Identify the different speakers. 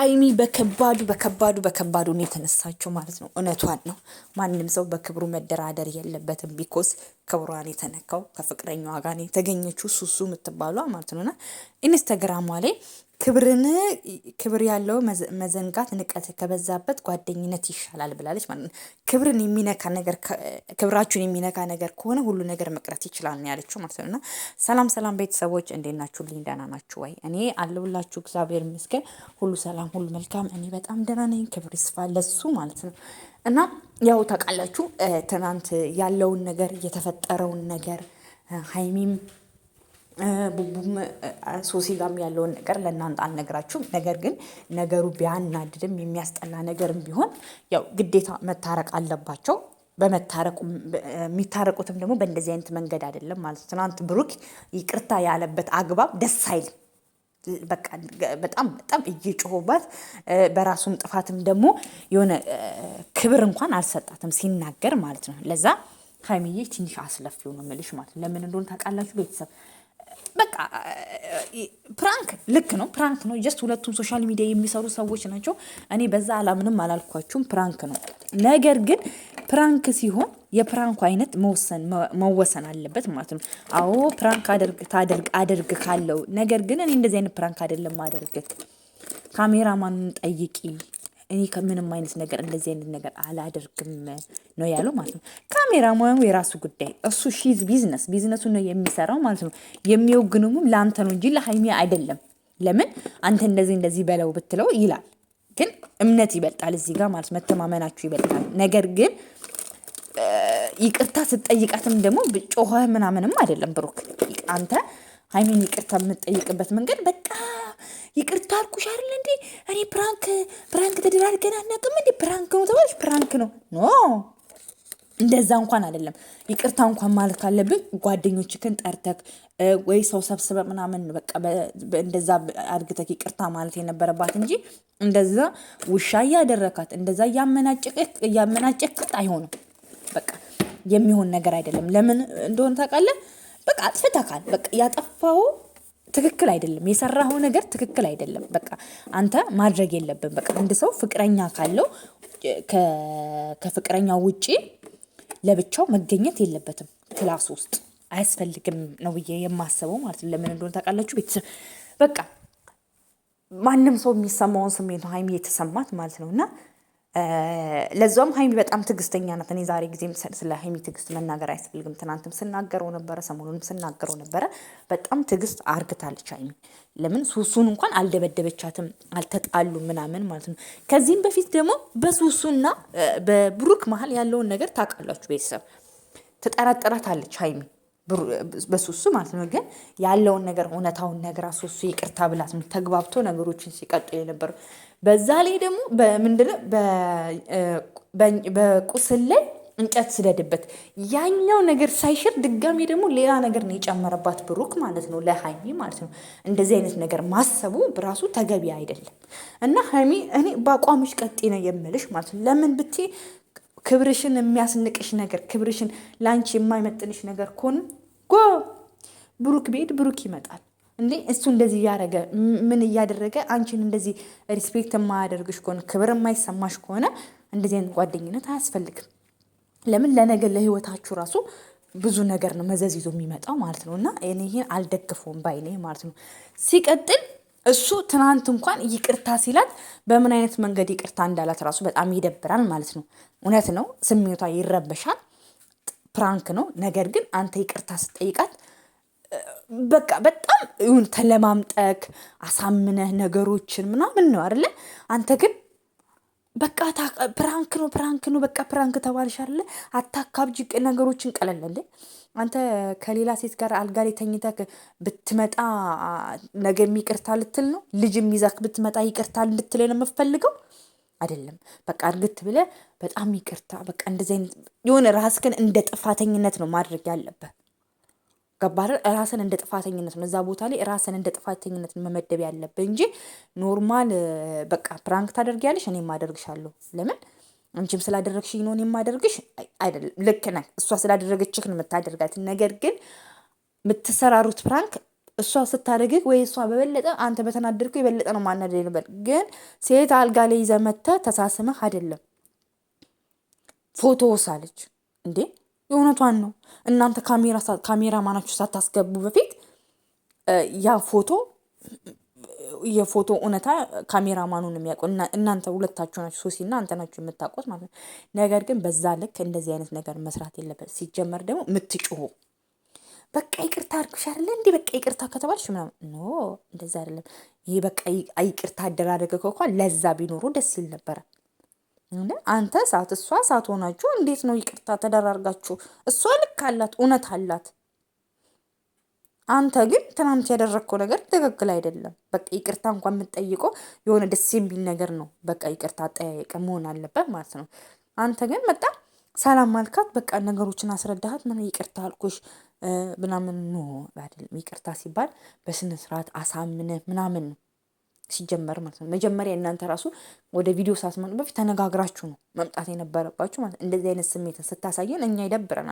Speaker 1: ሀይሚ በከባዱ በከባዱ በከባዱ ነው የተነሳችው ማለት ነው። እውነቷን ነው። ማንም ሰው በክብሩ መደራደር የለበትም። ቢኮስ ክብሯን የተነካው ከፍቅረኛዋ ጋር የተገኘችው ሱሱ የምትባሏ ማለት ነውና ኢንስተግራሟ ላይ ክብርን ክብር ያለው መዘንጋት ንቀት ከበዛበት ጓደኝነት ይሻላል ብላለች ማለት ነው። ክብርን የሚነካ ነገር ክብራችሁን የሚነካ ነገር ከሆነ ሁሉ ነገር መቅረት ይችላል ያለችው ማለት ነው። እና ሰላም ሰላም ቤተሰቦች እንዴት ናችሁ? ልኝ ደህና ናችሁ ወይ? እኔ አለሁላችሁ እግዚአብሔር ይመስገን፣ ሁሉ ሰላም፣ ሁሉ መልካም። እኔ በጣም ደህና ነኝ። ክብር ይስፋ ለሱ ማለት ነው። እና ያው ታውቃላችሁ ትናንት ያለውን ነገር የተፈጠረውን ነገር ሀይሚም ቡቡም ሶሲ ጋም ያለውን ነገር ለእናንተ አልነግራችሁም። ነገር ግን ነገሩ ቢያናድድም የሚያስጠላ ነገርም ቢሆን ያው ግዴታ መታረቅ አለባቸው። በመታረቁ የሚታረቁትም ደግሞ በእንደዚህ አይነት መንገድ አይደለም ማለት ነው። ትናንት ብሩክ ይቅርታ ያለበት አግባብ ደስ አይልም። በጣም በጣም እየጮሁባት በራሱም ጥፋትም ደግሞ የሆነ ክብር እንኳን አልሰጣትም ሲናገር ማለት ነው። ለዛ ሀይሚዬ ትንሽ አስለፊው ነው የምልሽ ማለት ነው። ለምን እንደሆነ ታውቃላችሁ ቤተሰብ በቃ ፕራንክ ልክ ነው፣ ፕራንክ ነው። ጀስት ሁለቱም ሶሻል ሚዲያ የሚሰሩ ሰዎች ናቸው። እኔ በዛ አላምንም፣ አላልኳችሁም። ፕራንክ ነው። ነገር ግን ፕራንክ ሲሆን የፕራንኩ አይነት መወሰን አለበት ማለት ነው። አዎ ፕራንክ ታደርግ አደርግ ካለው ነገር ግን እኔ እንደዚህ አይነት ፕራንክ አይደለም አደርግ ካሜራማን ጠይቂ እኔ ከምንም አይነት ነገር እንደዚህ አይነት ነገር አላደርግም ነው ያለው ማለት ነው። ካሜራ ሙያው የራሱ ጉዳይ እሱ ሺዝ ቢዝነስ ቢዝነሱ ነው የሚሰራው ማለት ነው። የሚወግኑም ለአንተ ነው እንጂ ለሀይሚ አይደለም። ለምን አንተ እንደዚህ እንደዚህ በለው ብትለው ይላል። ግን እምነት ይበልጣል እዚህ ጋር ማለት መተማመናችሁ ይበልጣል። ነገር ግን ይቅርታ ስትጠይቃትም ደግሞ ጮኸ ምናምንም አይደለም ብሩክ አንተ ሀይሚን ይቅርታ የምትጠይቅበት መንገድ በቃ ይቅርታ አልኩሽ አይደለ እንዴ? እኔ ፕራንክ ፕራንክ ተደራርገን አናውቅም እንዴ? ፕራንክ ነው ተባልሽ፣ ፕራንክ ነው ኖ እንደዛ እንኳን አይደለም። ይቅርታ እንኳን ማለት ካለብን ጓደኞችክን ጠርተክ ወይ ሰው ሰብስበ ምናምን በቃ እንደዛ አድግተክ ይቅርታ ማለት የነበረባት እንጂ እንደዛ ውሻ እያደረካት እንደዛ እያመናጨቅት አይሆንም። በቃ የሚሆን ነገር አይደለም። ለምን እንደሆነ ታውቃለህ። በቃ አጥፍተካል። በቃ ያጠፋው ትክክል አይደለም። የሰራኸው ነገር ትክክል አይደለም። በቃ አንተ ማድረግ የለብን። በቃ አንድ ሰው ፍቅረኛ ካለው ከፍቅረኛው ውጪ ለብቻው መገኘት የለበትም። ክላስ ውስጥ አያስፈልግም ነው ብዬ የማስበው ማለት ነው። ለምን እንደሆነ ታውቃላችሁ? ቤተሰብ በቃ ማንም ሰው የሚሰማውን ስሜት ነው ሀይሚ የተሰማት ማለት ነው እና ለዛም ሀይሚ በጣም ትዕግስተኛ ናት። እኔ ዛሬ ጊዜም ስለ ሀይሚ ትዕግስት መናገር አያስፈልግም። ትናንትም ስናገረው ነበረ፣ ሰሞኑንም ስናገረው ነበረ። በጣም ትዕግስት አርግታለች ሀይሚ። ለምን ሱሱን እንኳን አልደበደበቻትም፣ አልተጣሉም ምናምን ማለት ነው። ከዚህም በፊት ደግሞ በሱሱና በብሩክ መሀል ያለውን ነገር ታውቃላችሁ ቤተሰብ። ትጠረጥራታለች ሀይሚ በሱሱ ማለት ነው። ግን ያለውን ነገር እውነታውን ነገር ሱሱ ይቅርታ ብላት ተግባብቶ ነገሮችን ሲቀጡ የነበሩ በዛ ላይ ደግሞ ምንድነው በቁስል ላይ እንጨት ስደድበት ያኛው ነገር ሳይሽር ድጋሚ ደግሞ ሌላ ነገር ነው የጨመረባት ብሩክ ማለት ነው፣ ለሀይሚ ማለት ነው። እንደዚህ አይነት ነገር ማሰቡ ብራሱ ተገቢ አይደለም እና ሀይሚ እኔ በአቋምሽ ቀጤ ነው የምልሽ ማለት ነው። ለምን ብቴ ክብርሽን የሚያስንቅሽ ነገር ክብርሽን ላንቺ የማይመጥንሽ ነገር ከሆን ጎ ብሩክ ቢሄድ ብሩክ ይመጣል። እንዴ እሱ እንደዚህ እያደረገ ምን እያደረገ አንቺን እንደዚህ ሪስፔክት የማያደርግሽ ከሆነ ክብር የማይሰማሽ ከሆነ እንደዚህ አይነት ጓደኝነት አያስፈልግም። ለምን ለነገ ለህይወታችሁ ራሱ ብዙ ነገር ነው መዘዝ ይዞ የሚመጣው ማለት ነው። እና ይህን አልደግፈውም ባይኔ ማለት ነው ሲቀጥል እሱ ትናንት እንኳን ይቅርታ ሲላት በምን አይነት መንገድ ይቅርታ እንዳላት ራሱ በጣም ይደብራል ማለት ነው። እውነት ነው፣ ስሜቷ ይረበሻል፣ ፕራንክ ነው። ነገር ግን አንተ ይቅርታ ስጠይቃት በቃ በጣም ይሁን ተለማምጠክ አሳምነህ ነገሮችን ምናምን ነው አይደለ? አንተ ግን በቃ ፕራንክ ነው ፕራንክ ነው በቃ ፕራንክ ተባልሽ አለ አታካብጅ ነገሮችን ቀለል እንደ አንተ ከሌላ ሴት ጋር አልጋ ላይ ተኝተህ ብትመጣ ነገም ይቅርታ ልትል ነው ልጅም ይዛክ ብትመጣ ይቅርታ ልትል ነው የምፈልገው አይደለም በቃ እርግት ብለህ በጣም ይቅርታ በቃ እንደዚህ አይነት የሆነ ራስህን እንደ ጥፋተኝነት ነው ማድረግ ያለብህ ገባህ? ራስን እንደ ጥፋተኝነት ነው እዛ ቦታ ላይ ራስን እንደ ጥፋተኝነት መመደብ ያለብህ እንጂ ኖርማል በቃ ፕራንክ ታደርጊያለሽ እኔም አደርግሻለሁ። ለምን አንቺም ስላደረግሽኝ ነው እኔም የማደርግሽ አይደለም። ልክ ነህ፣ እሷ ስላደረገችህ ነው የምታደርጋት። ነገር ግን የምትሰራሩት ፕራንክ እሷ ስታደርግህ ወይ እሷ በበለጠ አንተ በተናደድኩ የበለጠ ነው ማናደድ ነበር። ግን ሴት አልጋ ላይ ይዘህ መተህ ተሳስመህ አይደለም ፎቶ ወሳለች እንዴ የእውነቷን ነው። እናንተ ካሜራ ማናችሁ ሳታስገቡ በፊት ያ ፎቶ የፎቶ እውነታ ካሜራ ማኑን የሚያውቀው። እናንተ ሁለታችሁ ናችሁ፣ ሶሲ እና አንተ ናችሁ የምታውቁት ማለት ነው። ነገር ግን በዛ ልክ እንደዚህ አይነት ነገር መስራት የለበት። ሲጀመር ደግሞ የምትጮሆ በቃ ይቅርታ አድርግሽ አይደለ እንዲህ በቃ ይቅርታ ከተባልሽ ምናምን ኖ እንደዚ አይደለም። ይህ በቃ ይቅርታ አደራረገ ከኳ ለዛ ቢኖሩ ደስ ይል ነበረ። አንተ እሳት እሷ እሳት ሆናችሁ እንዴት ነው ይቅርታ ተደራርጋችሁ? እሷ ልክ አላት፣ እውነት አላት። አንተ ግን ትናንት ያደረግከው ነገር ትክክል አይደለም። በቃ ይቅርታ እንኳን የምትጠይቀው የሆነ ደስ የሚል ነገር ነው። በቃ ይቅርታ አጠያየቀ መሆን አለበት ማለት ነው። አንተ ግን መጣ ሰላም አልካት፣ በቃ ነገሮችን አስረዳሃት። ምን ይቅርታ አልኩሽ ምናምን። ኖ አይደለም፣ ይቅርታ ሲባል በስነ ስርዓት አሳምነህ ምናምን ነው ሲጀመር ማለት ነው። መጀመሪያ እናንተ ራሱ ወደ ቪዲዮ ሳስመጡ በፊት ተነጋግራችሁ ነው መምጣት የነበረባችሁ ማለት እንደዚህ አይነት ስሜትን ስታሳየን እኛ ይደብረናል።